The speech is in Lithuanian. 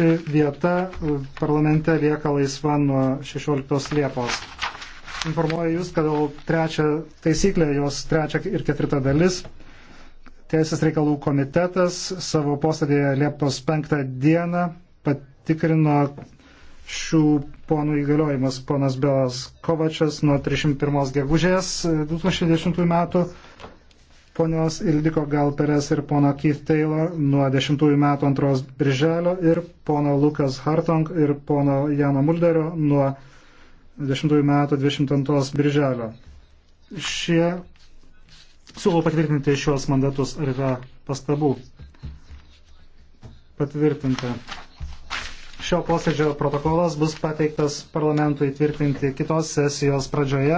ši vieta e, parlamente lieka laisva nuo 16 Liepos. Informuoju Jūs, kad jau trečia taisyklė, jos trečia ir ketvirta dalis. Teisės reikalų komitetas savo posėdėje Liepos 5 dieną patikrino šių ponų įgaliojimus. Ponas Belas Kovačias nuo 31 gegužės 2010 e, metų ponios Ildiko Galperes ir pono Keith Taylor nuo 10 metų 2 birželio ir pono Lukas Hartong ir pono Jano Mulderio nuo 10 metų 22 birželio. Šie siūlau patvirtinti šios mandatus, ar yra pastabų. Patvirtinti. Šio posėdžio protokolas bus pateiktas parlamentui tvirtinti kitos sesijos pradžioje.